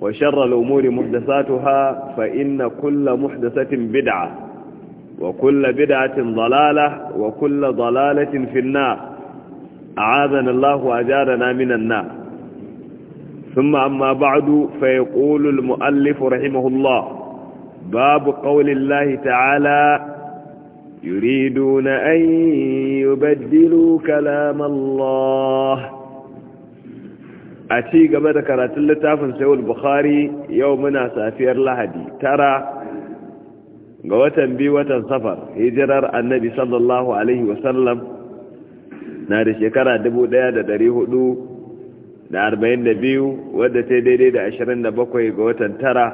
وشر الأمور محدثاتها فإن كل محدثة بدعة وكل بدعة ضلالة وكل ضلالة في النار أعاذنا الله وأجارنا من النار ثم أما بعد فيقول المؤلف رحمه الله باب قول الله تعالى يريدون أن يبدلوا كلام الله a ci gaba da karatun littafin sayul bukhari yau muna safiyar lahadi tara ga watan biyu watan safar hijirar annabi sallallahu alaihi wasallam na da shekara biyu wadda ta daidai da bakwai ga watan tara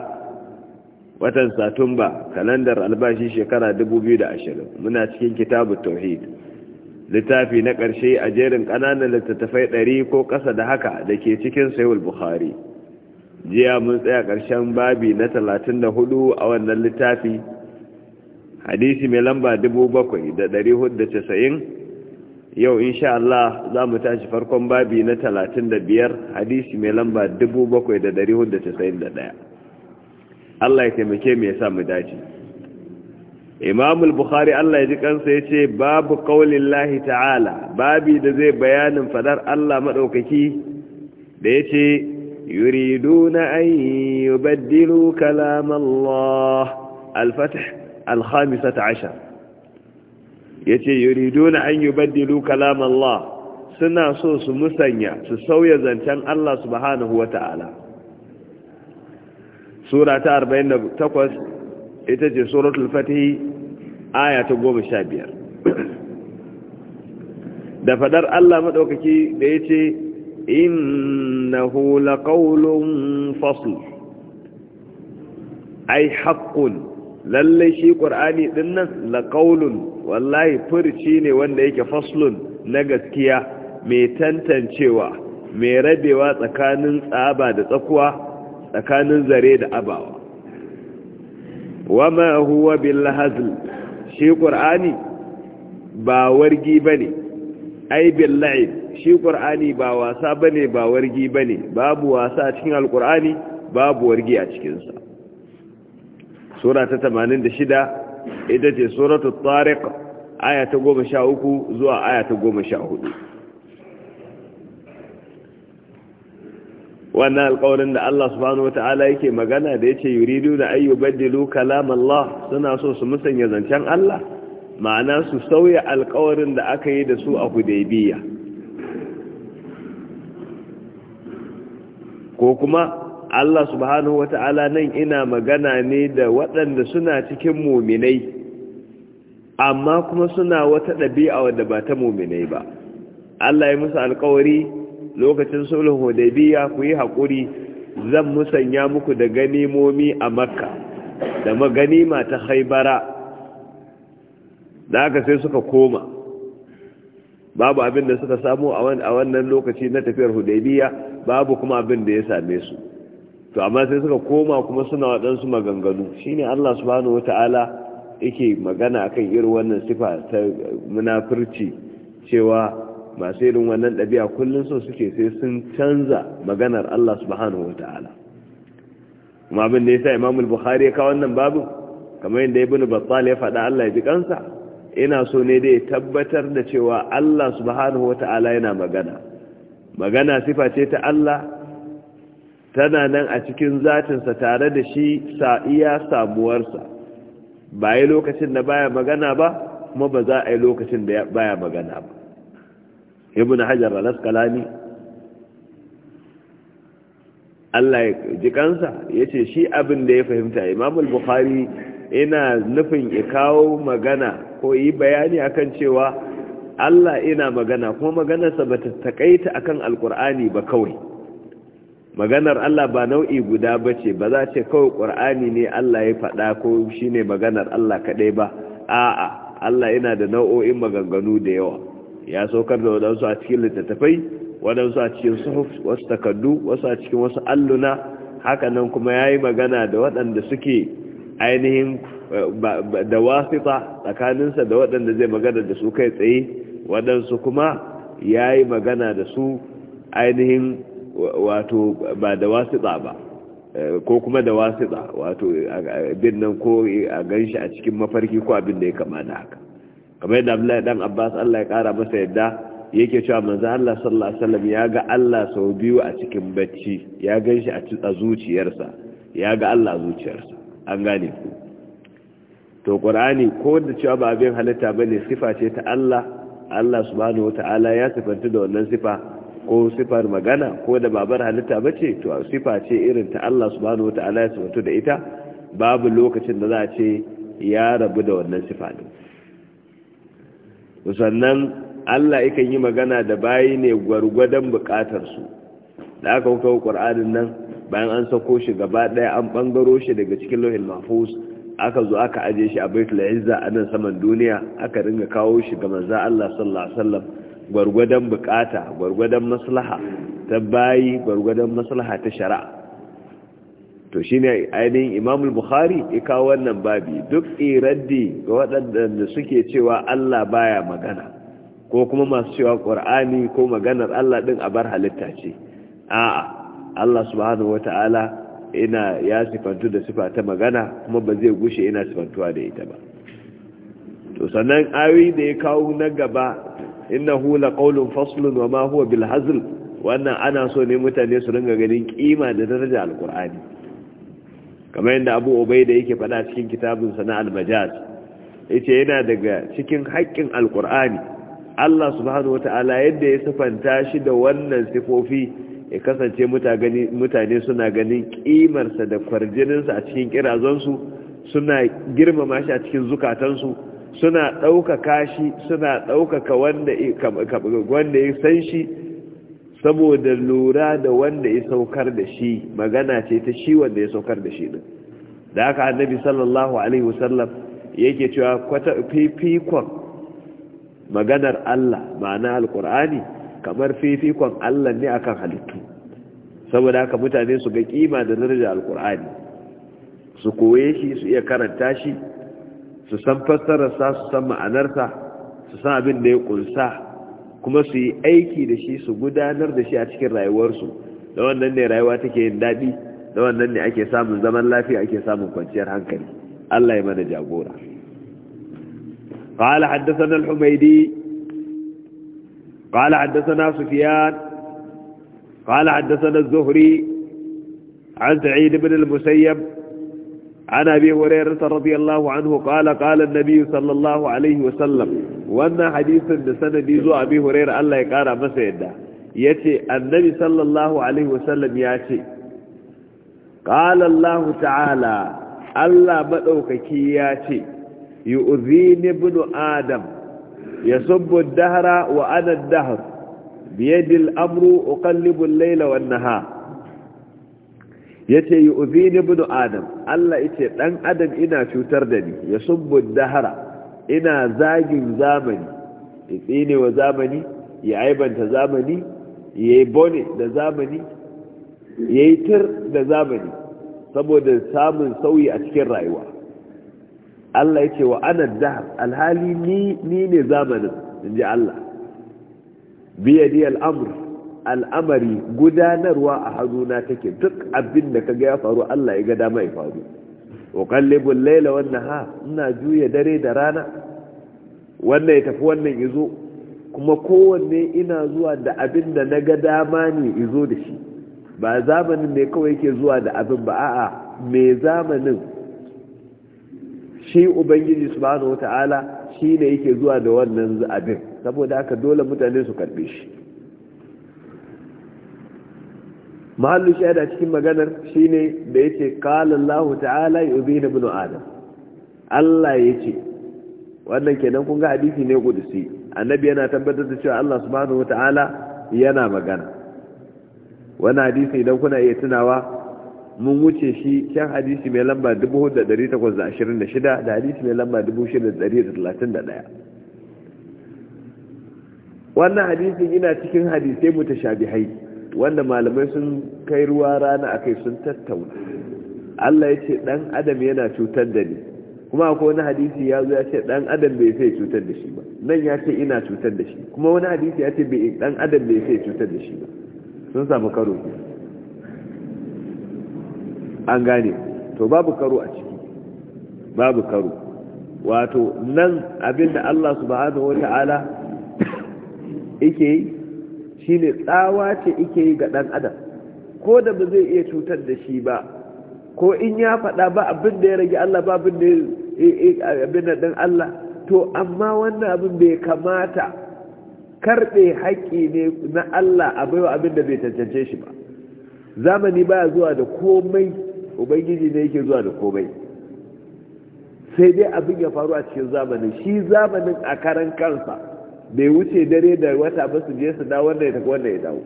watan satumba kalandar albashi shekara ashirin muna cikin kitabu tauhid littafi na ƙarshe a jerin ƙananan littattafai ɗari ko ƙasa da haka da ke cikin sayul bukhari jiya mun tsaya ƙarshen babi na talatin da hudu a wannan littafi hadisi mai lamba dubu bakwai da ɗari hudu da casa'in yau insha Allah za mu tashi farkon babi na talatin da biyar hadisi mai lamba dubu bakwai da ɗari hudu da casa'in da ɗaya Allah ya taimake mu ya sa mu dace Imamul bukhari Allah ya ji kansa yace babu qaulillahi ta'ala babi da zai bayanin fadar Allah madaukaki da ce yuriduna an yubaddilu kalam Allah al-fath al-khamisata ashar yace yuriduna an yubaddilu kalam suna so su musanya su sauya zancen Allah subhanahu wata'ala sura ta 48 ita ce suratul fatih aya ta goma sha biyar da fadar Allah maɗaukaki da ya ce hula ƙaunin fasl ai haƙƙun! lallai shi ƙur'ani ɗin nan laqawlun wallahi furci ne wanda yake faslun na gaskiya mai tantancewa mai rabewa tsakanin tsaba da tsakuwa tsakanin zare da abawa Wa huwa bil hazl shi ƙur'ani ba wargi ba ne aibin shi ƙur'ani ba wasa ba ne ba wargi ba babu wasa a cikin alƙur'ani babu wargi a cikinsa sura ta 86 ita ce suratul tariq aya ta 13 zuwa aya ta 14 wannan alƙawarin da Allah subhanahu wata'ala yake magana da yace yuridu na ayyu badilu kalam suna so su musanya zancen Allah ma'ana su sauya alƙawarin da aka yi da su a Hudaybiyya ko kuma Allah subhanahu wata'ala nan ina magana ne da waɗanda suna cikin muminai amma kuma suna wata ɗabi'a wadda ba ta muminai ba Allah ya musu alƙawari. lokacin sulhun hudaybiya ku yi hakuri zan musanya muku da ganimomi a makka da maganima ta haibara da aka sai suka koma babu abin da suka samu a wannan lokaci na tafiyar hudaybiya babu kuma abin da ya same su to amma sai suka koma kuma suna waɗansu maganganu shine Allah subhanahu wataala yake magana akan irin wannan sifa ta munafurci cewa masu irin wannan ɗabi'a kullum sun suke sai sun canza maganar Allah subhanahu ta'ala. kuma abin da ya sa imamul bukhari ya kawo wannan babu kamar yadda ibn battal ya faɗa Allah ya ji kansa ina so ne dai tabbatar da cewa Allah subhanahu wa ta'ala yana magana magana sifa ce ta Allah tana nan a cikin zatinsa tare da shi sa iya samuwarsa ba yi lokacin da baya magana ba kuma ba za a yi lokacin da baya magana ba ibn hajar al-asqalani Allah ya ji kansa yace shi abin da ya fahimta Imam al-Bukhari ina nufin ya kawo magana ko yi bayani akan cewa Allah ina magana kuma maganarsa bata takaita akan alkur'ani ba kawai maganar Allah ba nau'i guda bace ba za ce kawai qur'ani ne Allah ya faɗa ko shine maganar Allah kadai ba a'a Allah yana da nau'o'in maganganu da yawa ya saukar da wadansu a cikin littattafai wadansu a cikin suhuf wasu takardu wasu a cikin wasu alluna hakanan kuma ya yi magana da waɗanda suke ainihin eh, da wasita tsakaninsa da waɗanda zai magana da su kai tsaye waɗansu kuma ya yi magana da su ainihin wato ba da wasita ba eh, ko kuma da wasita wato bin nan ko a ganshi a cikin mafarki ko abin da ya kama da haka kamar yadda Abdullahi dan Abbas Allah ya kara masa yadda yake cewa manzo Allah sallallahu alaihi wasallam ya ga Allah sau biyu a cikin bacci ya ganshi a cikin zuciyarsa ya ga Allah a zuciyarsa an gane ku to qur'ani ko da cewa ba abin halitta bane sifa ce ta Allah Allah subhanahu wataala ya sifanta da wannan sifa ko sifar magana ko da babar halitta bace to sifa ce irin ta Allah subhanahu wataala ya sifanta da ita babu lokacin da za a ce ya rabu da wannan sifa din sannan Allah yakan yi magana da bayi ne gwargwadon su da aka wa ƙur'anin nan bayan an sako shi gaba ɗaya an ɓangaro shi daga cikin lauhin mahfuz aka zo aka aje shi a baitul izza a nan saman duniya aka ringa kawo shi ga manzo Allah sallallahu alaihi wasallam gwargwadon bukata gwargwadon maslaha ta bayi gwargwadon maslaha ta shari'a to shi ne ainihin imamul bukhari ya kawo wannan babi duk iraddi ga waɗanda suke cewa allah baya magana ko kuma masu cewa ƙur'ani ko maganar allah ɗin a bar halitta ce a'a allah subhanahu wa ta'ala ina ya sifantu da sifa ta magana kuma ba zai gushe ina sifantuwa da ita ba to sannan ayoyi da ya kawo na gaba hula laqawlun faslun ma huwa bil wannan ana so ne mutane su ringa ganin kima da daraja alqur'ani kamar yadda abu obai da yake faɗa cikin kitabinsa na almajaz yace yana daga cikin haƙƙin alkur'ani allah subhanahu wata'ala yadda ya sifanta shi da wannan sifofi ya kasance mutane suna ganin ƙimarsa da kwarjininsa a cikin ƙirazonsu suna girmama shi a cikin zukatansu suna ɗaukaka shi suna ɗaukaka wanda ya san shi saboda lura da wanda ya saukar da shi magana ce ta shi wanda ya saukar da shi din da haka annabi sallallahu alaihi wasallam yake cewa kwata fifikon maganar Allah ma'ana alqur'ani kamar fifikon Allah ne akan halittu saboda haka mutane su ga kima da daraja alqur'ani su koye shi su iya karanta shi su san fassararsa su san ma'anarsa su san abin da ya kunsa kuma su yi aiki da shi su gudanar da shi a cikin rayuwarsu da wannan ne rayuwa take yin daɗi da wannan ne ake samun zaman lafiya ake samun kwanciyar hankali Allah ya mana jagora قال حدثنا الحميدي قال حدثنا سفيان قال حدثنا الزهري عن سعيد بن المسيب عن أبي هريرة رضي الله عنه قال قال النبي صلى الله عليه وسلم وأن حديثا لسنة ديزو أبي هريرة الله يقارى مسيدا يتي النبي صلى الله عليه وسلم ياتي قال الله تعالى الله مدوكك ياتي يؤذيني ابن آدم يسب الدهر وأنا الدهر بيد الأمر أقلب الليل والنهار yace yu'zini ibn adam Allah yace dan adam ina cutar da ni ya subbu dahara ina zagin zamani tsine wa zamani ya aibanta zamani yi bone da zamani yayi tir da zamani saboda samun sauyi a cikin rayuwa Allah yace wa ana dahar alhali ni ne zamanin ji Allah biyadi al'amr al'amari gudanarwa a hannuna take duk abin da kaga ya faru Allah ya ga dama ya faru uqallibul layla wan nahar ina juya dare da rana wannan ya tafi wannan yazo kuma kowanne ina zuwa da abin da ga dama ne yazo da shi ba zamanin ne kawai yake zuwa da abin ba a'a mai zamanin shi ubangiji subhanahu wataala ne yake zuwa da wannan abin saboda haka dole mutane su karbe shi mahallu shaida cikin maganar shine da yake qala Allah ta'ala yubina ibn adam Allah ce wannan kenan kun ga hadisi ne gudusi annabi yana tabbatar da cewa Allah subhanahu ta'ala yana magana wannan hadisi idan kuna iya tunawa mun wuce shi kyan hadisi mai lamba 4826 da hadisi mai lamba 6131 wannan hadisin yana cikin hadisai mutashabihai wanda malamai sun kai ruwa rana a kai sun tattauna Allah ya ce dan adam yana cutar da ni kuma akwai wani hadisi ya zo ya ce dan adam bai sai cutar da shi ba nan ya ce ina cutar da shi kuma wani hadisi ya ce dan adam bai sai cutar da shi ba sun samu karo an gane to babu karo a ciki babu karo wato nan abinda Allah subhanahu wata'ala yake yi shine tsawa ce ike yi ga ɗan adam ko da ba zai iya cutar da shi ba ko in ya faɗa ba abin da ya rage Allah ba abin da abin da Allah to amma wannan abin bai kamata karɓe haƙƙi ne na Allah a baiwa abin da bai tantance shi ba zamani baya zuwa da komai ubangiji ne yake zuwa da komai sai dai abin ya faru a cikin zamanin shi zamanin a karan kansa bai wuce dare da wata ba su je su dawo wanda ya wanda ya dawo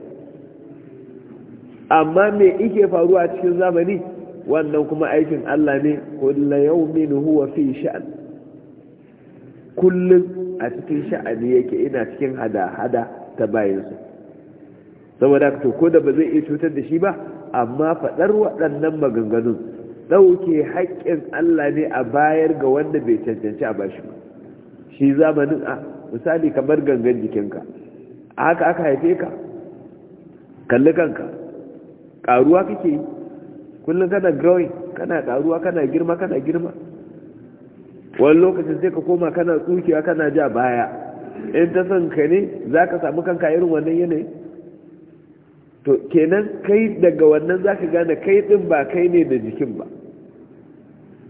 amma me ike faruwa cikin zamani wannan kuma aikin Allah ne kullu yawmin huwa fi sha'an Kullum a cikin sha'ani yake ina cikin hada hada ta bayansu saboda to ko da ba zai iya cutar da shi ba amma faɗar waɗannan maganganun ɗauke haƙƙin Allah ne a bayar ga wanda bai cancanci a bashi ba shi zamanin a misali kamar gangan jikinka a haka aka haife ka kalli kanka ƙaruwa kake yi kullum kana growing kana ƙaruwa kana girma kana girma wani lokacin sai ka koma kana tsukewa kana ja baya in ta son ka ne za ka samu kanka irin wannan yanayi to kenan kai daga wannan za ka gane kai ɗin ba kai ne da jikin ba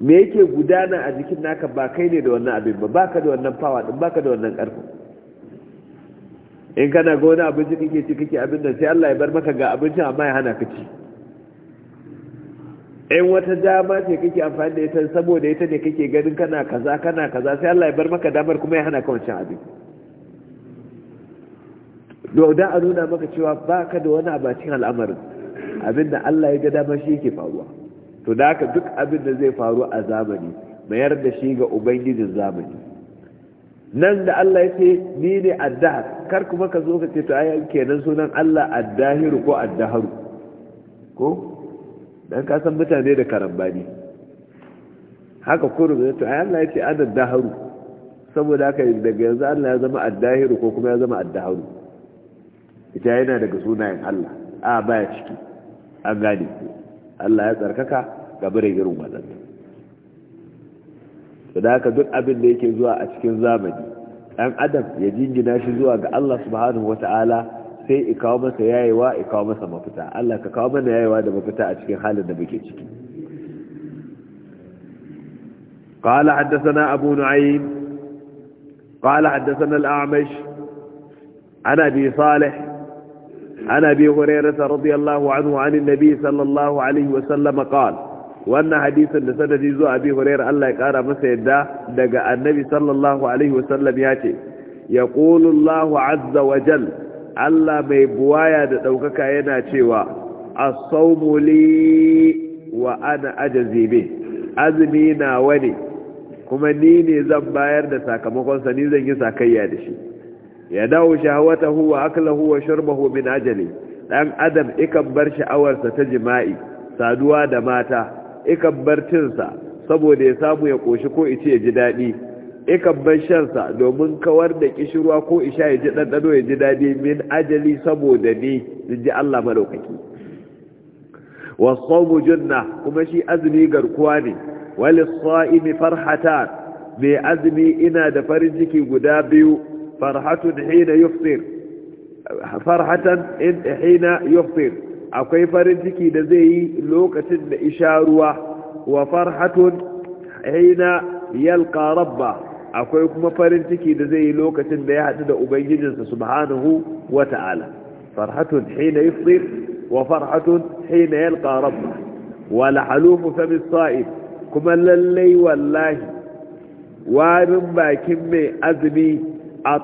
me yake gudana a jikin naka ba kai ne da wannan abin ba baka da wannan fawa din baka da wannan karfin in kana ga wani abinci kake ci kake abin da sai Allah ya bar maka ga abincin amma ya hana ka ci in wata dama ce kake amfani da ita saboda ita ne kake ganin kana kaza kana kaza sai Allah ya bar maka damar kuma ya hana ka wancan abin da a nuna maka cewa baka da wani abacin al'amarin abinda Allah ya ga dama shi yake faruwa to da haka duk abin da zai faru a zamani mayar da shi ga ubangijin zamani nan da Allah ya ce ni ne addahar kar kuma ka zo ka ce to ayan kenan sunan Allah addahiru ko addaharu ko dan ka san mutane da karambani haka kurum to ayan Allah ya ce addaharu saboda haka daga yanzu Allah ya zama addahiru ko kuma ya zama addaharu ita yana daga sunayen Allah a baya ciki an gane Allah ya tsarkaka game irin waɗannan su da haka duk abin da yake zuwa a cikin zamani ɗan adam ya jingina shi zuwa ga Allah subhanahu ta'ala sai i kawo masa yayewa i kawo masa mafita Allah ka kawo mana yayewa da mafita a cikin halin da muke ciki قال حدثنا أبو نعيم قال حدثنا الأعمش عن أبي صالح عن أبي هريرة رضي الله عنه عن النبي صلى الله عليه وسلم قال wannan hadisin da sanadi zuwa abi hurairah Allah ya kara masa yadda daga annabi sallallahu alaihi wasallam ya ce qulu Allahu azza wa jal Allah mai buwaya da daukaka yana cewa as-sawmu li wa ana ajzi bi azmi na wani kuma ni ne zan bayar da sakamakon sa ni zan yi sakayya da shi ya dawo shahawatahu wa aklahu wa shurbahu min ajali dan adam ikan bar sha'awarsa ta jima'i saduwa da mata ikabbar cinsa saboda ya samu ya ƙoshi ko ice ya ji daɗi ikabbar shansa domin kawar da ƙishirwa ko isha ya ji ɗanɗano ya ji daɗi min ajali saboda ni ji Allah maɗaukaki wasu junna kuma shi azumi garkuwa ne wali sa'imi farhata mai azumi ina da farin ciki guda biyu farhatun hina yufsir farhatan hina yufsir akwai farin ciki da zai yi lokacin da isha ruwa wa farhatun hina yalqa rabba akwai kuma farin ciki da zai yi lokacin da ya haɗu da ubangijinsa subhanahu wa ta'ala farhatun haina yufṭir wa farhatun hina yalqa rabba wala halufu fami sa'id kuma lallai wallahi warin bakin mai azumi a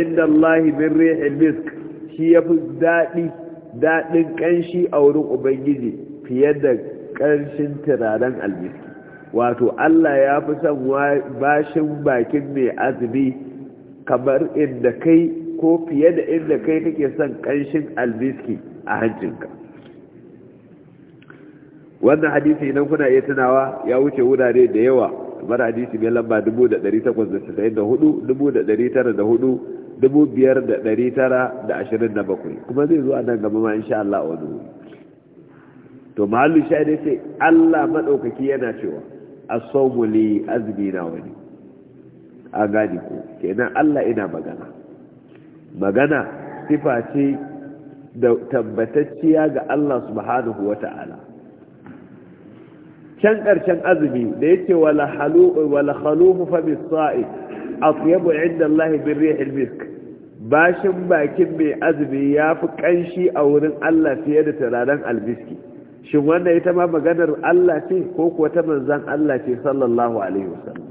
inda Allah min rihil misk shi yafi daɗi daɗin ƙanshi a wurin ubangiji fiye da ƙanshin turaren almiski wato allah ya fi son bashin bakin mai azumi kamar inda kai ko fiye da inda kai kake son ƙanshin almiski a hancinka wannan hadisi idan kuna iya tunawa ya wuce wurare da yawa kamar hadisi mai lamba 1894 bakwai kuma zai zuwa nan gaba ma insha Allah a wani wuri to mahallu sha dai sai Allah maɗaukaki yana cewa a somuli azumi na wani a gani ko kenan Allah ina magana magana sifa ce da tabbatacciya ga Allah subhanahu wa ta'ala can ƙarshen azumi da yake wala haluhu fa bis sa'id atyabu inda Allah bin rihil misk bashin bakin mai azumi ya fi kanshi a wurin Allah fiye da turaren almiski shin wannan ita ma maganar Allah ce ko kuwa ta manzan Allah ce sallallahu alaihi wasallam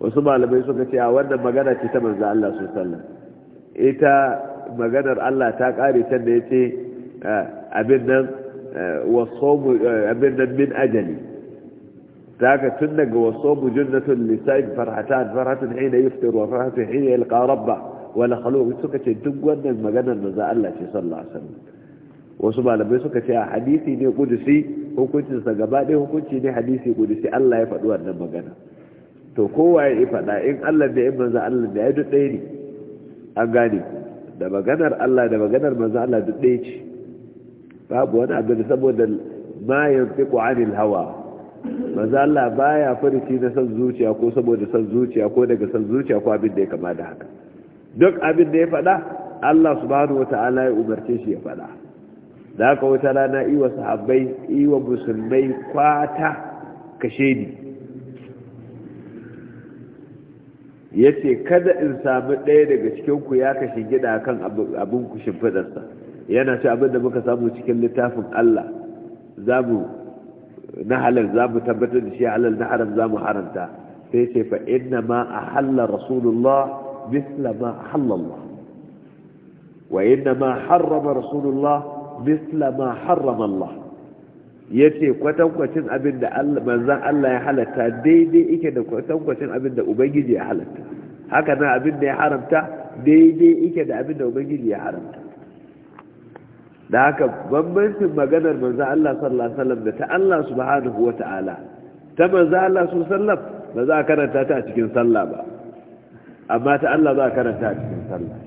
wasu malamai suka ce a wannan magana ce ta manzan Allah sallallahu ita maganar Allah ta kare can da yace abin nan wasu abin nan min ajali ذاك تنق والصوم جنة للسائل فرحتان فرحة حين يفطر وفرحة حين يلقى ربه ولا خلوق سكة wannan مقنا نزاء الله صلى الله عليه وسلم wasu malamai suka ce a hadisi ne kudusi hukuncinsa gaba ɗaya hukunci ne hadisi kudusi Allah ya faɗi wannan magana to kowa ya faɗa in Allah da in manzo Allah da ya duk ne an gane da maganar Allah da maganar manzo Allah duk ce babu wani abin saboda ma yantiqu hawa manzo Allah baya farici da san zuciya ko saboda san zuciya ko daga san zuciya ko abin da ya kama da haka duk abin da ya faɗa Allah subhanahu wata'ala ya umarce shi ya faɗa da haka wata rana iwa sahabbai iwa musulmai kwata kashe ni ya kada in samu ɗaya daga cikinku ya kashe gida kan abin ku shimfiɗarsa yana ce abin da muka samu cikin littafin Allah za mu na halal za mu tabbatar da shi halal na haram za mu haramta sai ce fa inna ma ahalla rasulullah misla ma ahalla Allah wa inna ma harrama rasulullah misla ma harrama Allah ce kwatankwacin abin da manzon Allah ya halatta daidai ike da kwatankwacin abin da ubangiji ya halatta haka na abin da ya haramta daidai ike da abin da ubangiji ya haramta da haka bambancin maganar manzo Allah sallallahu alaihi wasallam da ta Allah subhanahu wata'ala ta manzo Allah su sallam ba za a karanta ta a cikin sallah ba amma ta Allah za a karanta a cikin sallah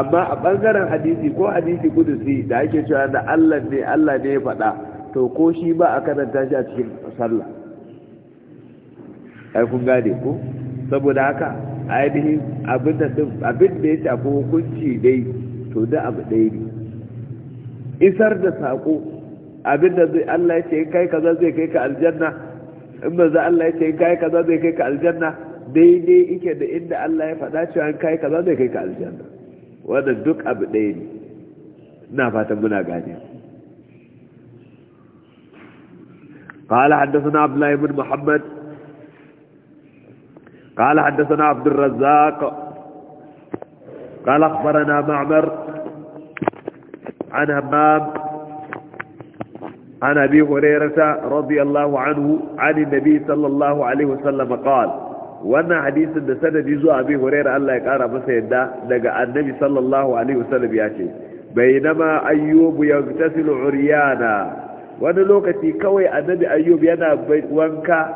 amma a bangaren hadisi ko hadisi kudusi da ake cewa da Allah ne Allah ne ya faɗa to ko shi ba a karanta shi a cikin sallah ai kun gane ko saboda haka ainihin abin da ya shafi hukunci dai to da abu dai ne isar da saƙo abinda zai Allah ya ce kai kaza zai kai ka aljanna in za Allah ya ce kai kaza zai kai ka aljanna daidai ike da inda Allah ya faɗa cewa kai kaza zai kai ka aljanna wanda duk abu ɗaya ne na fatan muna gane قال حدثنا عبد الله بن محمد قال حدثنا عبد الرزاق قال اخبرنا معمر عن همام عن أبي هريرة رضي الله عنه عن النبي صلى الله عليه وسلم قال وانا حديث da sanadi zuwa Abi Hurairah Allah ya kara masa yadda daga Annabi sallallahu alaihi wasallam ya ce bainama ayyubu yagtasilu uryana wani lokaci kawai Annabi ayyub yana wanka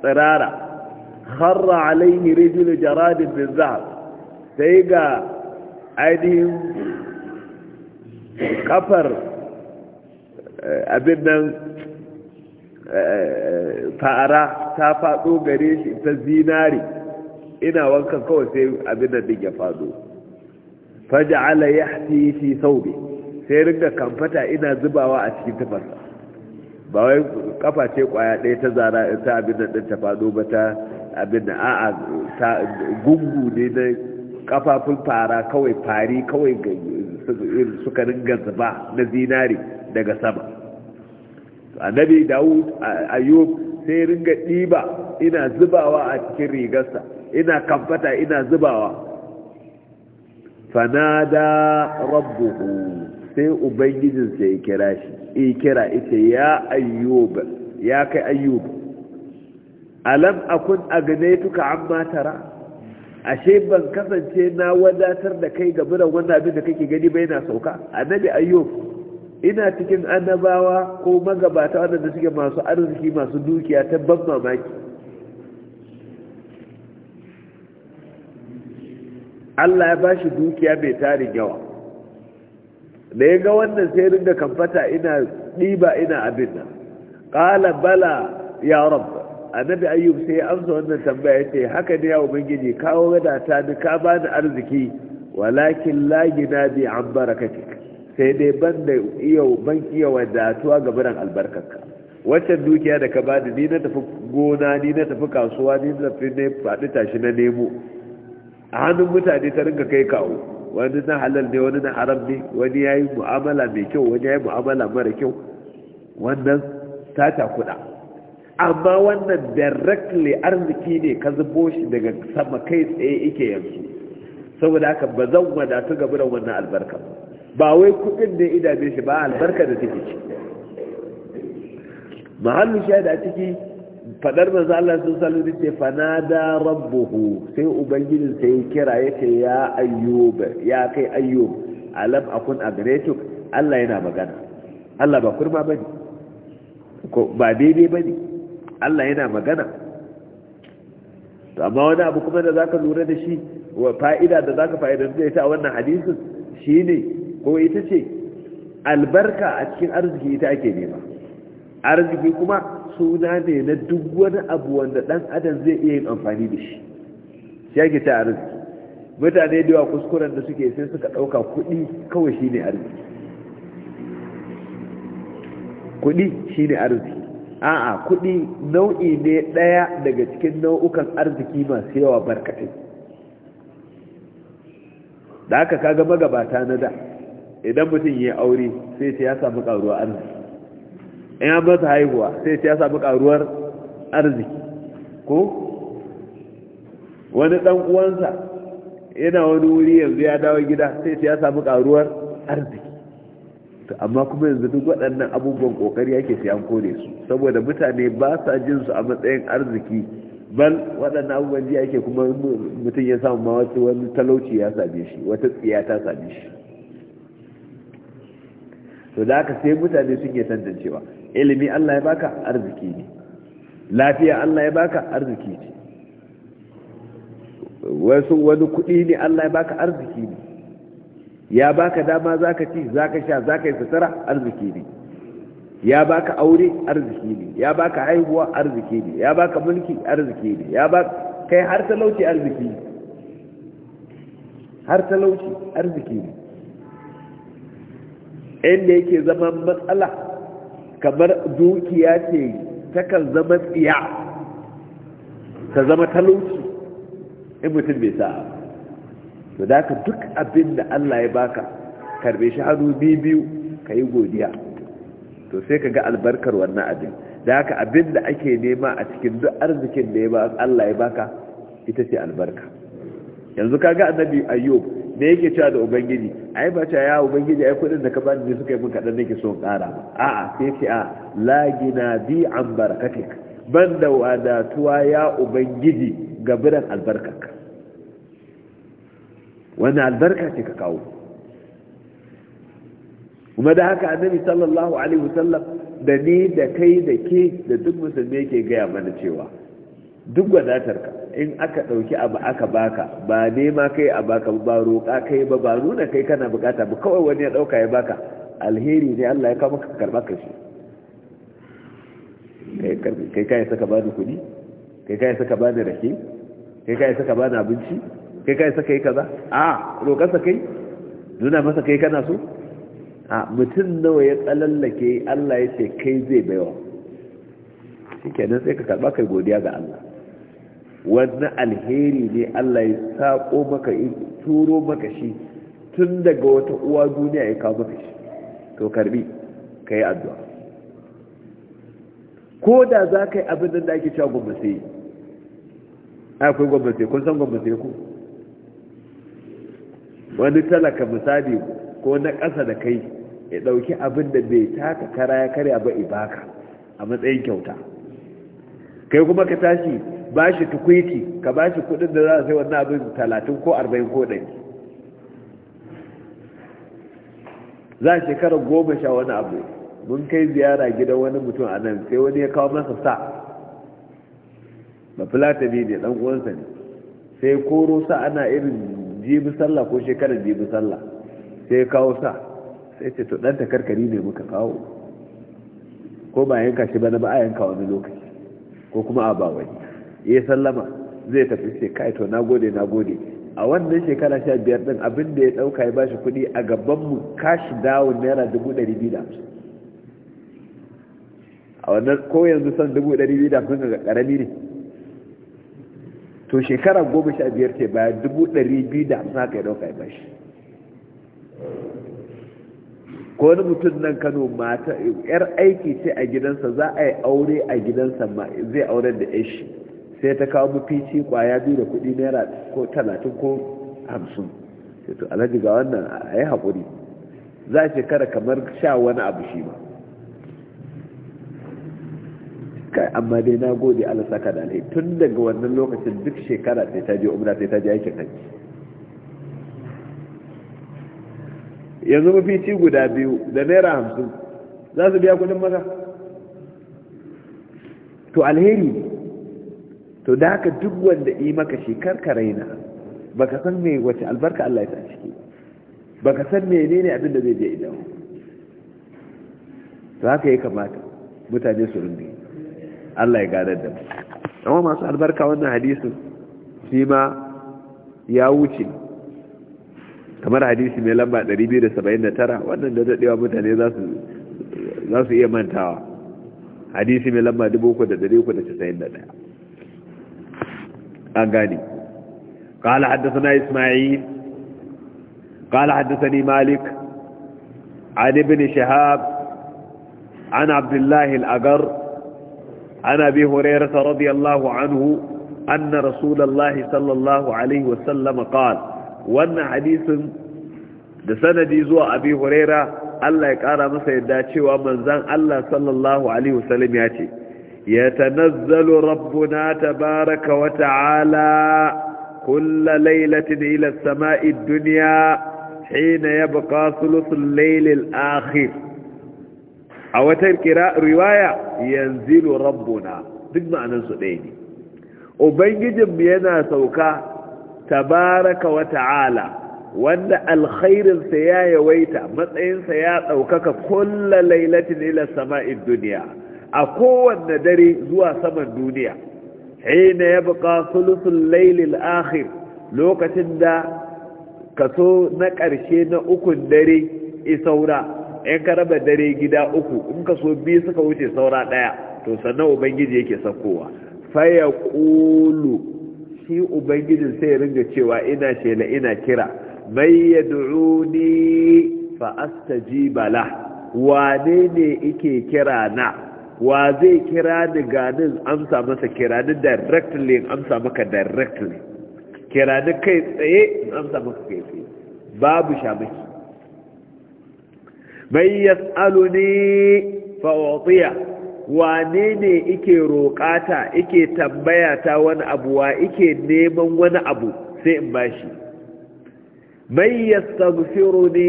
tsirara harra alaihi rijlu jaradin min zahab sai ga kafar eh, abin nan eh, fa'ara ta faɗo gare shi ta zinari ina wankan kawai sai abin nan din ya faɗo ala ya fi saubi sai ringa kamfata ina zubawa a cikin tafasa, ba wai kafa ce kwaya ɗaya ta zara ta abin nan ɗin ta faɗo ba ta abin da a'a ta gungu ne na kafafun fara kawai fari kawai ganye. suka ringa zuba na zinari daga sama annabi dawud ayyub sai ringa ɗiba ina zubawa a cikin rigarsa ina kamfata ina zubawa fanada rabbuhu sai ubangijinsa ya kira shi kira ita ya ayyub ya kai ayyub alam akun agnetuka amma tara ashe ban kasance na wadatar da kai ga biran wannan abin da kake gani bai na sauka annabi ayyub ina cikin annabawa ko magabata wadanda suke masu arziki masu dukiya ta ban mamaki Allah ya bashi dukiya mai tarin yawa da ya ga wannan sai ringa kamfata ina diba ina abin nan qala bala ya rabb annabi ayyub sai ya amsa wannan tambaya ya ce haka ne ya ubangiji kawo gada ta ni ka bani arziki walakin lagina bi an barakati sai dai ban da iya ban iya wadatuwa ga biran albarkarka waccan dukiya da ka bani ni na tafi gona ni na tafi kasuwa ni na tafi ne faɗi tashi na nemo a hannun mutane ta rinka kai kawo wani na halal ne wani na haram ne wani ya yi mu'amala mai kyau wani ya yi mu'amala mara kyau wannan ta ta kuɗa amma wannan directly arziki ne ka zubo shi daga sama kai tsaye ike yanzu saboda haka ba zan wadatu ga biran wannan albarka ba wai kudin da idabe shi ba albarka da take ci mahallu shi a ciki fadar manzo Allah sun salu ce fanada rabbuhu sai ubangijin sai kira yace ya ayyub ya kai ayyub alam akun agretuk Allah yana magana Allah ba kurma bane ko ba daidai bane Allah yana magana amma wani abu kuma da zaka lura da shi wa fa'ida da zaka fa'idar da ita a wannan hadisin shine ko ita ce albarka a cikin arziki ita ake nema arziki kuma suna ne na duk wani abu wanda dan adam zai iya yin amfani da shi shi ake ta arziki mutane da yawa kuskuren da suke sai suka dauka kuɗi kawai shine arziki kuɗi shine arziki a'a kuɗi nau'i ne ɗaya daga cikin nau'ukan arziki masu yawa barkatai da aka kaga magabata na da idan mutum ya aure sai ce ya samu karuwar arziki in ya masa haihuwa sai ce ya samu karuwar arziki ko wani ɗan uwansa yana wani wuri yanzu ya dawo gida sai ce ya samu karuwar arziki amma kuma yanzu duk waɗannan abubuwan ƙoƙari yake sai an kone su saboda mutane ba sa jin su a matsayin arziki bal waɗannan abubuwan ji ake kuma mutum ya samu ma wasu wani talauci ya same shi wata tsiya ta same shi to da haka sai mutane sun yi tantancewa ilimi Allah ya baka arziki ne lafiya Allah ya baka arziki ne wasu wani kuɗi ne Allah ya baka arziki ne ya baka dama zaka ci zaka sha zaka yi sutura arziki ne ya baka aure arziki ne ya baka haihuwa arziki ne ya baka mulki arziki ne ya baka kai har talauci arziki ne har talauci arziki ne inda yake zama matsala kamar dukiya ce takan zama tsiya ta zama talauci in mutum bai sa'a to da ka duk abin da Allah ya baka karbe shi hannu biyu ka yi godiya to sai ka ga albarkar wannan abin da ka abin da ake nema a cikin duk arzikin da Allah ya baka ita ce albarka yanzu ka ga annabi ayyub me yake cewa da ubangiji ai ba cewa ya ubangiji ai kudin da ka bani ne suka yi min kadan nake son kara ba a'a sai ce a la gina bi an barakatik Banda wadatuwa ya ubangiji ga biran albarkarka wannan albarka ce ka kawo kuma da haka annabi sallallahu alaihi wasallam da ni da kai da ke da duk musulmi yake gaya mana cewa duk ka in aka ɗauki abu aka baka ba nema kai a baka ba roƙa kai ba ba nuna kai kana bukata ba kawai wani ya ɗauka ya baka alheri ne Allah ya kawo maka karɓar ka shi kai kai saka bani kuɗi kai kai saka bani rake kai kai saka bani abinci kai kai saka yi kaza a roƙar saka yi nuna masa kai kana so a mutum nawa ya tsallake Allah ya ce kai zai baiwa shi kenan sai ka karɓa kai godiya ga Allah wani alheri ne Allah ya saƙo maka in turo maka shi tun daga wata uwa duniya ya kawo maka shi to karbi ka yi addu'a ko da za ka yi abin da ake cewa gwamnati akwai gwamnati kun san gwamnati ko wani talaka misali ko na ƙasa da kai ya ɗauki abin da bai taka kara ya karya ba ibaka a matsayin kyauta kai kuma ka tashi ba shi tukwici ka ba shi kudin da za a sai wannan abin talatin ko arba'in ko ɗanki za a shekara goma sha wani abu mun kai ziyara gidan wani mutum a nan sai wani ya kawo masa sa ba fulata ne ne ɗan uwansa ne sai koro sa ana irin jibi sallah ko shekarar jibi sallah sai kawo sa sai ce to dan takarkari ne muka kawo ko ba yanka shi ba na ba a yanka wani lokaci ko kuma a ba wani ya sallama zai tafi sai kai to nagode nagode a wannan shekara sha biyar din abin da ya dauka ya bashi kudi a gaban mu kashi dawon naira dubu ɗari biyu da hamsin a wannan ko yanzu san dubu ɗari biyu da hamsin ga ƙarami ne to shekara goma sha biyar ce baya dubu ɗari biyu da hamsin haka ya ɗauka ya bashi ko wani mutum nan kano mata yar aiki ce a gidansa za a yi aure a gidansa zai auren da shi sai ta kawo mafici kwaya biyu da kuɗi naira ko talatin ko hamsin sai to alhaji ga wannan a yi haƙuri za a shekara kamar sha wani abu shi ba kai amma dai na gode Allah saka da alheri tun daga wannan lokacin duk shekara sai ta je umra sai ta je aikin hajji yanzu mafici guda biyu da naira hamsin za su biya kudin maka to alheri to da haka duk wanda yi maka shekar ka raina baka san me wace albarka Allah ya sa ciki baka san menene abin da zai je idan to haka ya kamata mutane su rinda Allah ya gadar da mu amma masu albarka wannan hadisin shi ma ya wuce kamar hadisi mai lamba 279 wannan da daɗewa mutane za su iya mantawa hadisi mai lamba 391 an gani قال حدثنا إسماعيل قال حدثني مالك عن ابن شهاب عن عبد الله الأقر عن أبي هريرة رضي الله عنه أن رسول الله صلى الله عليه وسلم قال وأن حديث دسندي زو أبي هريرة الله يقال مسا يداتي ومن زان الله صلى الله عليه وسلم ياتي يتنزل ربنا تبارك وتعالى كل ليلة إلى السماء الدنيا حين يبقى ثلث الليل الآخر a wata riwaya yanzilu rabbuna duk su ɗaya ne ubangijinmu yana sauka tabaraka wa ta'ala wanda alkhairinsa ya yawaita matsayinsa ya ɗaukaka kulla lailatin ila sama'in duniya a kowanne dare zuwa saman duniya hina ya buƙa sulusun lailin akhir lokacin da kaso na ƙarshe na ukun dare isaura in ka raba dare gida uku in ka so biyu suka wuce saura daya to sannan ubangiji yake saukowa faya kulu shi ubangijin sai ringa cewa ina shela ina kira mai ya du'uni fa astajiba la wane ne ike kira na wa zai kira ni ganin amsa masa kira ni directly amsa maka directly kira ni kai tsaye amsa maka kai tsaye babu shamaki mai ne fa'utiya wane ne ike roƙata ike tambaya ta wani abu wa ike neman wani abu sai in bashi mai yastaghfiruni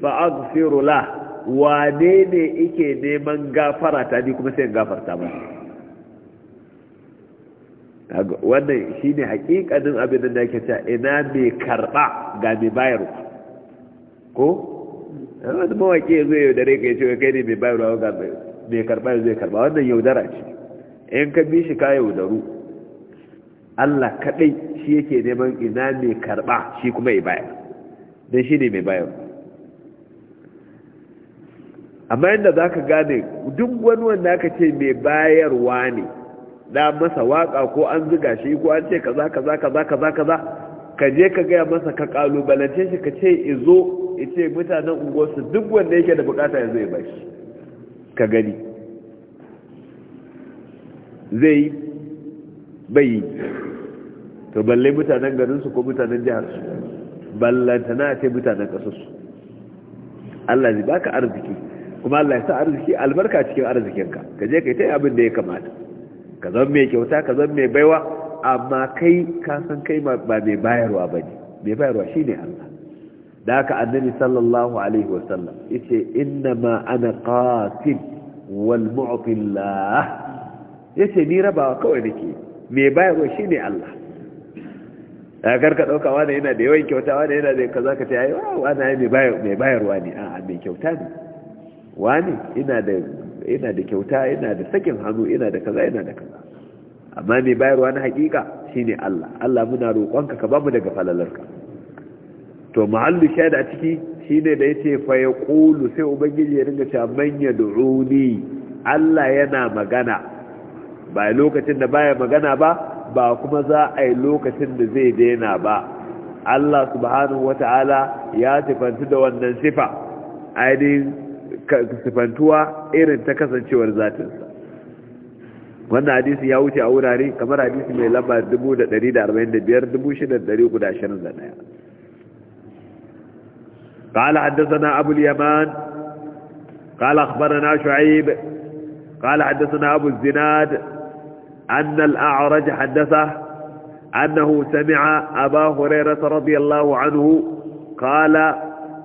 fa'aghfiru la wane ne ike neman gafara ta ni kuma sai in gafarta ba wannan shi ne hakikanin abin da ke ta ina mai karɓa ga mai bayarwa ko wasu mawaƙi ya zai ya yaudare ka ya ce kai ne mai bayarwa mai karɓa zai karɓa wannan yaudara ce in ka bi shi ka yaudaru Allah kaɗai shi yake neman ina mai karɓa shi kuma ya bayar don shi ne mai bayarwa amma yadda za ka gane duk wani wanda aka ce mai bayarwa ne na masa waka ko an ziga shi ko an ce kaza kaza kaza kaza kaza ka je ka gaya masa ka ƙalubalance shi ka ce izo ce mutanen unguwarsu duk wanda yake da bukata yanzu ya bashi ka gani zai yi bai to balle mutanen garinsu ko mutanen jiharsu ballantana ce mutanen kasarsu Allah zai baka arziki kuma Allah ya sa arziki albarka cikin arzikinka ka je ka yi ta abin da ya kamata ka zan mai kyauta ka zan mai baiwa amma kai ka san kai ba mai bayarwa ba ne mai bayarwa shi ne Allah da haka annabi sallallahu alaihi wasallam yace inna ma ana qasid wal mu'tillah yace ni rabawa kawai nake me bayarwa shine Allah da garka dauka wani yana da yawan kyauta wani yana da kaza ka ce ai wani ai mai bayarwa ne a mai kyauta ne wani ina da ina da kyauta ina da sakin hannu ina da kaza ina da kaza amma mai bayarwa na hakika shine Allah Allah muna roƙonka ka bamu daga falalarka to ma'allu shaida a ciki shi ne da ya ce fa ƙulu sai ubangiji ya ringa cewa da yad'uni Allah yana magana ba a lokacin da baya magana ba ba kuma za a yi lokacin da zai daina ba Allah subhanahu wata'ala ya sifantu da wannan sifa ainihin sifantuwa irin ta kasancewar zatinsa wannan hadisi ya wuce a wurare kamar hadisi mai lamba 1445 قال حدثنا أبو اليمان قال أخبرنا شعيب قال حدثنا أبو الزناد أن الأعرج حدثه أنه سمع أبا هريرة رضي الله عنه قال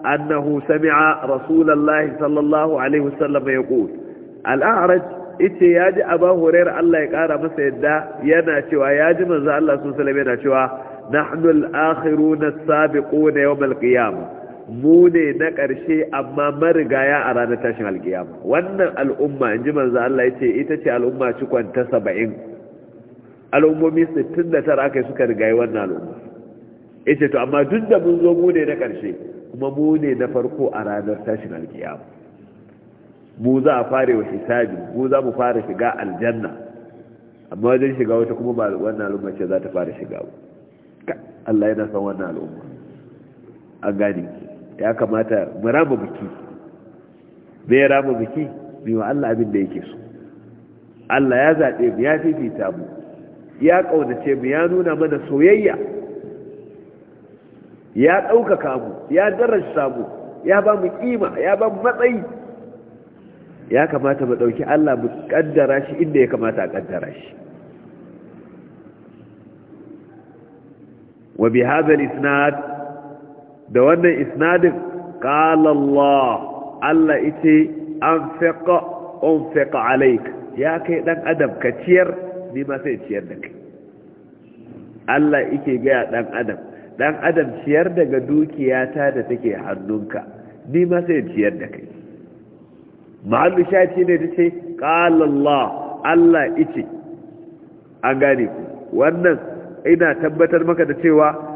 أنه سمع رسول الله صلى الله عليه وسلم يقول الأعرج اتياج أبا هريرة الله bahurayar Allah ya ƙara masa yadda yana cewa ya ji manzo نحن الآخرون السابقون يوم القيامة mu ne na ƙarshe amma marigaya a ranar tashin alƙiyama. wannan al'umma in ji manzo Allah ya ce ita ce al'umma cikon ta saba'in al'ummomi sittin da tara aka yi suka rigayi wannan al'umma Ya ce to amma duk da mun zo mu ne na ƙarshe kuma mu ne na farko a ranar tashin alkiyama mu za a fare wa hisabi mu za mu fara shiga aljanna amma wajen shiga wata kuma ba wannan al'umma ce za ta fara shiga Allah yana san wannan al'umma a gani ya kamata mu raba biki bai raba biki bi wa Allah abin da yake so Allah ya zaɓe mu ya fifita mu ya ƙaunace mu ya nuna mana soyayya ya ɗaukaka mu ya darasta mu ya ba mu kima ya ba mu matsayi ya kamata mu ɗauki Allah mu ƙaddara shi inda ya kamata a ƙaddara shi wa bi hadha al-isnad da wannan isnadin qala Allah Allah yace anfiqa unfiqa alayk ya kai dan adam ka ciyar ni ma sai ciyar da kai Allah yake ga dan adam dan adam ciyar daga dukiyata da take hannunka ni ma sai ciyar da kai mahallu shafi ne da ce ƙalallah Allah ice an gane ku wannan ina tabbatar maka da cewa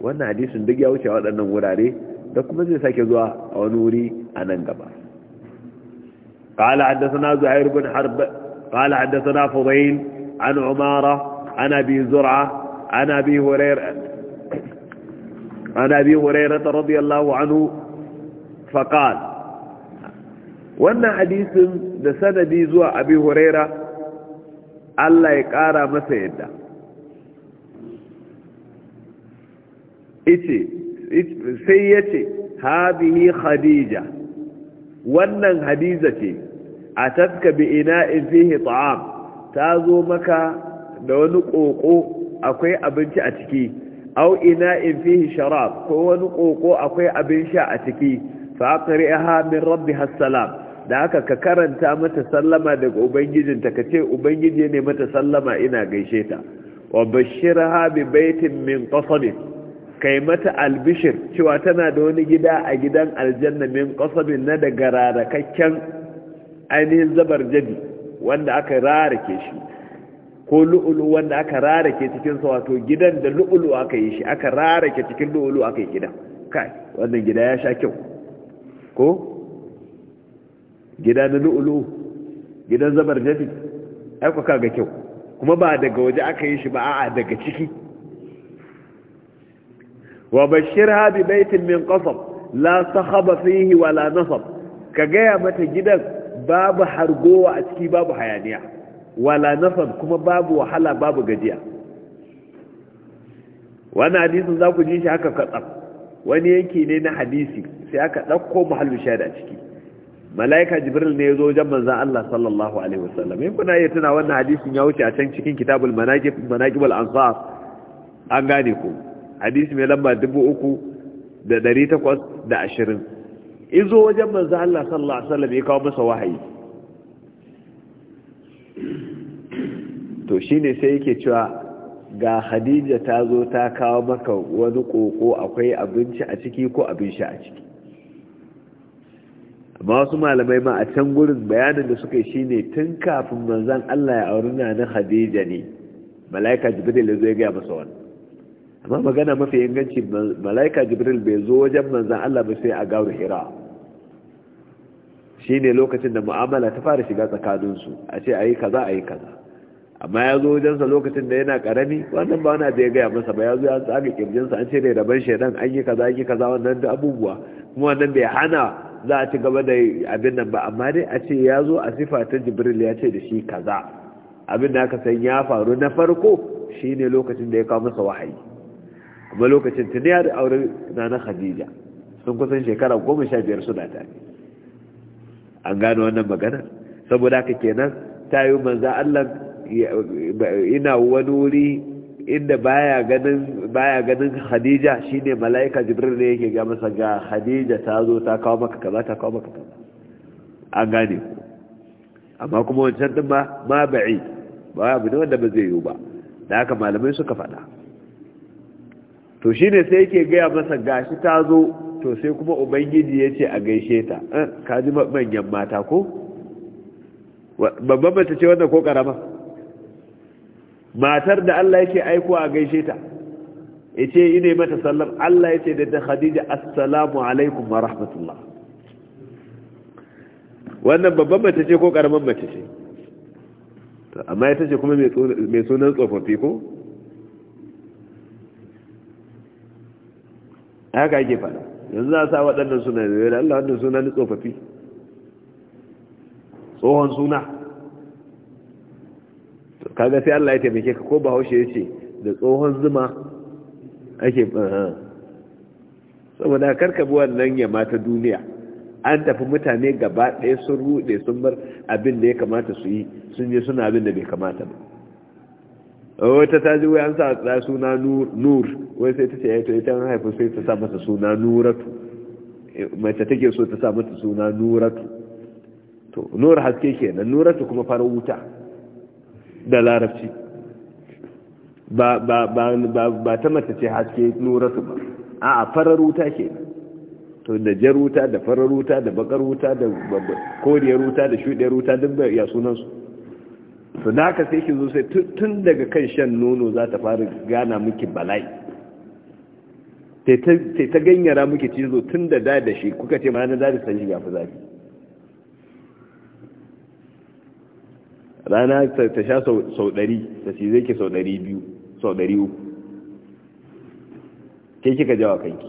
wannan hadisun duk ya wuce waɗannan wurare da kuma zai sake zuwa a wani wuri a nan gaba ƙala haddasa na fubayin an umara ana bi zura ana bi hurairu ta radiyallahu anu faƙal wannan hadisun da sanadi zuwa abi hurairu Allah ya ƙara masa yadda sai ya ce habihi khadija wannan hadiza ce a taska bi ina in fihi ta'am ta zo maka da wani koko akwai abinci a ciki au ina in fihi sharab ko wani koko akwai abin sha a ciki fa qari'aha min rabbiha assalam da haka ka karanta mata sallama daga ubangijinta ka ce ubangiji ne mata sallama ina gaishe ta wa bashirha bi baitin min qasabin kai mata albishir cewa tana da wani gida a gidan aljanna min qasabin na daga rarakakken ainihin zabar jadi wanda aka rarake shi ko lu'ulu wanda aka rarake cikin sa wato gidan da lu'ulu aka yi shi aka rarake cikin lu'ulu aka yi gida kai wannan gida ya sha kyau ko gida na lu'ulu gidan zabar jadi ai ku kaga kyau kuma ba daga waje aka yi shi ba a'a daga ciki wa bashirha bi baitin min qasab la sakhaba fihi wala ka gaya mata gidan babu hargowa a ciki babu hayaniya wala kuma babu wahala babu gajiya wannan hadisin za ku ji shi haka katsam wani yanki ne na hadisi sai aka ɗauko mahallu shaida a ciki mala'ika jibril ne ya zo wajen manzan Allah sallallahu alaihi wasallam in kuna iya tuna wannan hadisin ya wuce a can cikin kitabul manaqib manaqib hadisi mai lamba dubu uku da dari takwas da ashirin izo wajen manzo Allah sallallahu alaihi wasallam ya kawo masa wahayi to shine sai yake cewa ga Khadija ta zo ta kawo maka wani koko akwai abinci a ciki ko abin sha a ciki amma wasu malamai ma a can gurin bayanin da suka yi shine tun kafin manzon Allah ya auri na hadija ne malaika Jibril zai zo ya ga masa wani. amma magana mafi inganci malaika jibril bai zo wajen manzan Allah ba sai a gauru hira shi ne lokacin da mu'amala ta fara shiga tsakaninsu a ce a yi kaza a yi kaza amma ya zo wajensa lokacin da yana karami wannan ba wani da ya gaya masa ba ya zo ya tsaga kirjinsa an ce ne ban shaidan an yi kaza an yi kaza wannan da abubuwa kuma wannan bai hana za a ci gaba da abin nan ba amma dai a ce ya zo a sifa ta jibril ya ce da shi kaza abin da aka san ya faru na farko shine lokacin da ya kawo masa wahayi kuma lokacin tuniya da auren nana khadija sun kusan shekara goma sha biyar suna tare an gano wannan magana saboda haka kenan ta yi manza allah ina wani wuri inda baya ganin hadija shi khadija shine mala'ika jibril ne yake ga masa ga khadija ta zo ta kawo maka kaza ta kawo maka kaza an gane amma kuma wancan din ma ma ba'i ba abu ne wanda ba zai yiwu ba da haka malamai suka faɗa to shi ne sai yake gaya masa gashi ta zo to sai kuma ubangiji ya ce a gaishe ta eh, ka ji manyan mata ko babban mace ce wannan ko karama matar da Allah yake aiko a gaishe ta ya ce ine mata sallar Allah ya ce da ta khadija assalamu alaikum wa rahmatullah wannan babban mace ce ko karaman mace ce amma ya ce kuma mai sunan tsofaffi ko haka ake fada yanzu za a sa waɗannan suna da yau da Allah wannan suna ni tsofaffi tsohon suna kaga sai Allah ya taimake ka ko ba haushe ya ce da tsohon zuma ake saboda karkabi wannan ya mata duniya an tafi mutane gaba ɗaya sun ruɗe sun bar abin da ya kamata su yi sun yi suna abin da bai kamata ba wata ta ji wai an sa da suna nur wai sai ta ce ai eh, to ita an haifa sai ta sa masa suna nuratu ta eh, take so ta sa mata suna nuratu to nur haske kenan nuratu kuma farar wuta da larabci ba ba ba ba ta mace ce haske nuratu ba a'a farar wuta ke to da jar wuta da farar wuta da bakar wuta da koriyar wuta da shudiyar wuta duk ya sunan su su da aka sai ki zo sai tun daga kan shan nono za ta fara gana muke bala'i sai ta ganyara miki cizo tun da da da shi kuka ce ma na da da sanyi ya fi zafi rana ta sha sau ɗari ta shi zai ke sau ɗari biyu sau dari uku ke kika jawa kanki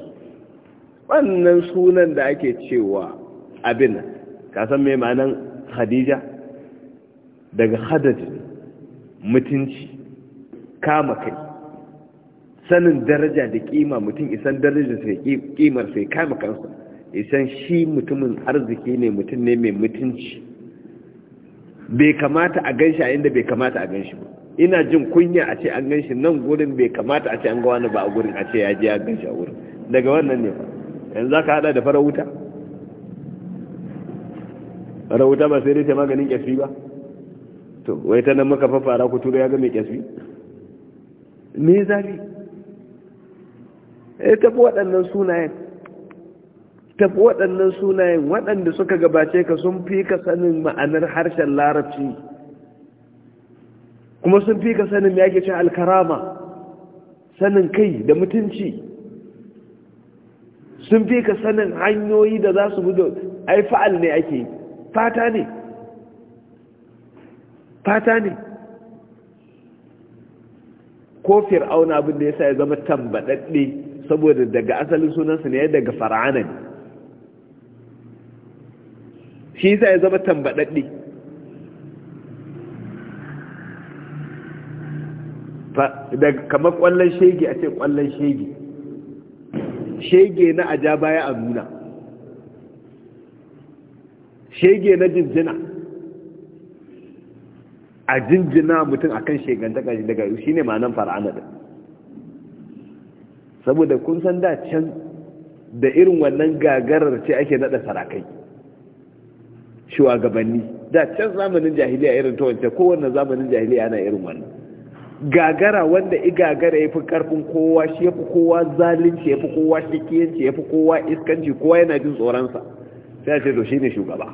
wannan sunan da ake cewa abin ka san mai ma'anan hadija daga hadad mutunci kama kai sanin daraja da kima mutum isan daraja sai kimar sai kama kansa isan shi mutumin arziki ne mutum ne mai mutunci bai kamata a ganshi a inda bai kamata a ganshi ba ina jin kunya a ce an ganshi nan gurin bai kamata a ce an ga wani ba a gurin a ce ya je ya ganshi a gurin daga wannan ne ba yanzu za ka hada da farauta? Farauta ba sai dai ta maganin ƙyafi ba to wai ta nan maka fafara ku turo ya ga mai kyasbi me zafi eh tafi waɗannan sunayen tafi waɗannan sunayen waɗanda suka gabace ka sun fi ka sanin ma'anar harshen larabci kuma sun fi ka sanin ya ke cin alkarama sanin kai da mutunci sun fi ka sanin hanyoyi da za su budo ai fa'al ne ake fata ne fata ne ko fir'auna abin da yasa ya zama tambadadde saboda daga asalin sunansa ne daga fara'ana ne shi yasa ya zama tambadadde daga kamar kwallon shege a ce kwallon shege shege na aja baya a nuna shege na jinjina a jinjina mutum akan shekanta shi daga shi ne ma'anan fara'ana din saboda kun san da can da irin wannan gagarar ce ake nada sarakai shugabanni da can zamanin jahiliya irin ta wance kowanne zamanin jahiliya ana irin wannan gagara wanda i gagara ya fi karfin kowa shi ya fi kowa zalunci ya fi kowa shikiyanci ya fi kowa iskanci kowa yana jin tsoronsa sai a ce to shi ne shugaba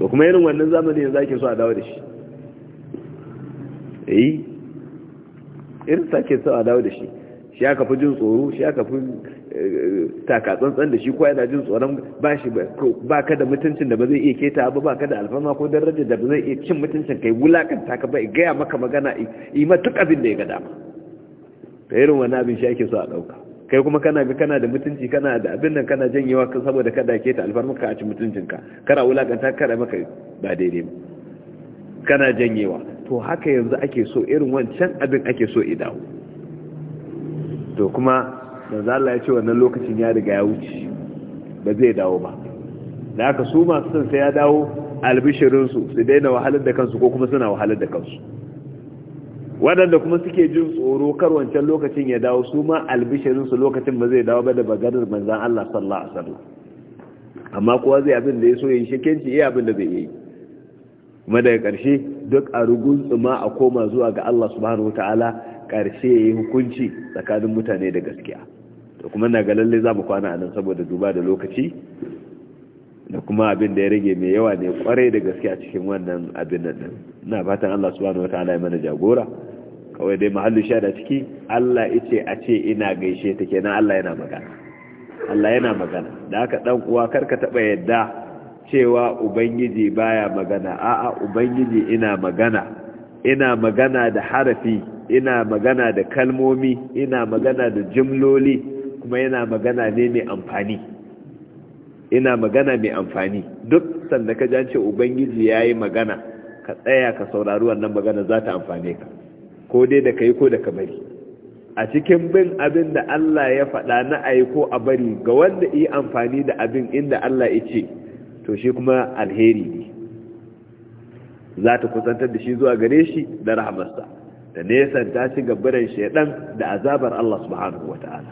da kuma irin wannan zamani yanzu ake so a dawo da shi eh irin sake so a dawo da shi shi aka fi jin tsoro shi aka fi eh, taka tsantsan da shi ko yana jin tsoron ba shi ba ka da mutuncin da ba zai iya keta ba ba ka da alfama ko darajar da ba zai iya cin mutuncin kai wulakanta ka ba gaya maka magana yi matuƙa abin da ya ga dama ta irin wani abin shi ake so a ɗauka kai kuma kana ga kana da mutunci kana da abin nan kana janyewa kan saboda ka ke ta alfarmaka a cikin mutuncinka kana wulakanta kada maka ba daidai ba kana janyewa to haka yanzu ake so irin wancan abin ake so idawo to kuma manzo Allah ya ce wannan lokacin ya riga ya wuce ba zai dawo ba da haka su masu son sai ya dawo albishirinsu su daina wahalar da kansu ko kuma suna wahalar da kansu waɗanda kuma suke jin tsoro kar wancan lokacin ya dawo su ma albishirinsu lokacin ba zai dawo ba da baganar manzan Allah sallallahu alaihi wasallam amma kowa zai abin da ya so yi shakenci iya abin da zai yi kuma daga ƙarshe duk a rugun tsuma a koma zuwa ga Allah subhanahu wataala ƙarshe ya yi hukunci tsakanin mutane da gaskiya da kuma na ga lalle za mu kwana a nan saboda duba da lokaci da kuma abin da ya rage mai yawa ne kwarai da gaskiya cikin wannan abin nan na fatan Allah subhanahu wataala ya mana jagora kawai dai mahallin sha da ciki Allah ice a ce ina gaishe ta kenan Allah yana magana Allah yana magana da haka dan uwa karka taba yadda cewa ubangiji baya magana a'a ubangiji ina magana ina magana da harafi ina magana da kalmomi ina magana da jimloli kuma yana magana ne mai amfani ina magana mai amfani duk sanda ka ce ubangiji yayi magana ka tsaya ka saurari wannan magana za ta amfane ka ko dai da kai ko da ka bari a cikin bin abin da Allah ya faɗa na aiko a bari ga wanda yi amfani da abin inda Allah ya ce to shi kuma alheri ne za ta kusantar da shi zuwa gare shi da rahamarsa da nesan ta ci gabaran shaidan da azabar Allah subhanahu ta'ala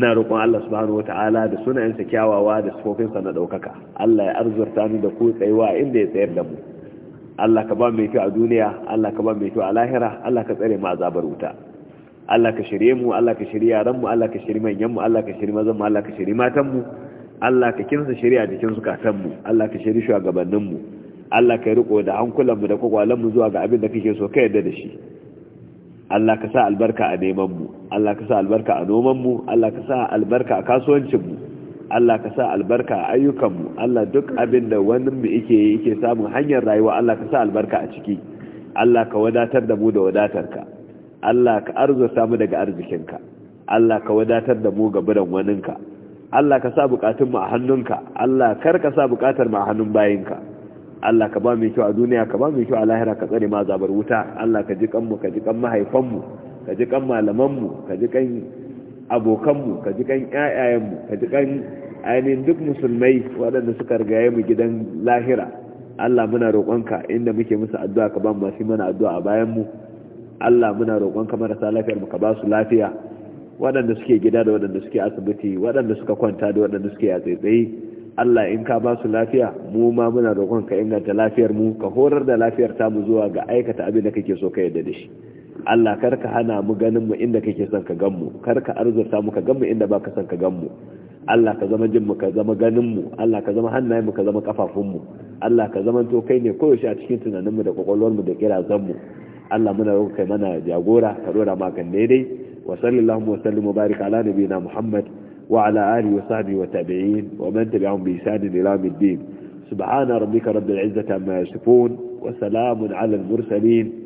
na roƙon Allah subhanahu ta'ala da sunayensa kyawawa da sufofinsa na ɗaukaka Allah ya arzurta ni da ku tsayuwa inda ya tsayar da mu Allah ka ba mai kyau a duniya Allah ka ba mai kyau a lahira Allah ka tsare mu azabar wuta Allah ka shirye mu Allah ka shirye yaran mu Allah ka shirye manyan mu Allah ka shirye mazan mu Allah ka shirye matan mu Allah ka kinsa shirya jikin zukatan mu Allah ka shirye shugabannin mu Allah ka riko da hankulan mu da kwakwalan mu zuwa ga abin da kake so ka yarda da shi Allah ka sa albarka a neman mu Allah ka sa albarka a noman mu Allah ka sa albarka a kasuwancin mu Allah ka sa albarka a ayyukanmu Allah duk abin da wani mu yake yake samun hanyar rayuwa Allah ka sa albarka a ciki Allah ka wadatar da mu da wadatarka Allah ka arzuta mu daga arzikinka Allah ka wadatar da mu ga biran waninka Allah ka sa bukatun mu a hannunka Allah kar ka sa bukatar mu a hannun bayinka Allah ka ba mu kyau a duniya ka ba mu kyau a lahira ka tsare ma zabar wuta Allah ka ji kanmu ka ji kan mahaifanmu ka ji kan malamanmu ka ji kan abokanmu ka ji kan ƴaƴayenmu ka ji kan ainihin duk musulmai waɗanda suka rigaye mu gidan lahira Allah muna roƙonka inda muke musu addu'a ka ba mu masu mana addu'a a bayan mu Allah muna roƙonka marasa lafiyar mu ka ba su lafiya waɗanda suke gida da waɗanda suke asibiti waɗanda suka kwanta da waɗanda suke a tsaitsaye Allah in ka ba su lafiya mu ma muna roƙonka inganta lafiyar mu ka horar da lafiyar ta mu zuwa ga aikata abin da kake so ka yarda da shi Allah karka hana mu ganin mu inda kake son ka gan mu karka arzurta mu ka gan mu inda baka son ka gan mu Allah ka zama jin mu ka zama ganin mu Allah ka zama hannayen mu ka zama kafafun mu Allah ka zama to kai ne koyaushe a cikin tunanin mu da kwakwalwar mu da kirazan mu Allah muna roƙa kai mana jagora ka dora ma kan daidai wa sallallahu wa sallim mubarak ala nabiyina Muhammad wa ala alihi wa sahbihi wa tabi'in wa man tabi'ahum bi ihsan ila yawmiddin subhana rabbika rabbil izzati amma yasifun wa salamun ala al mursalin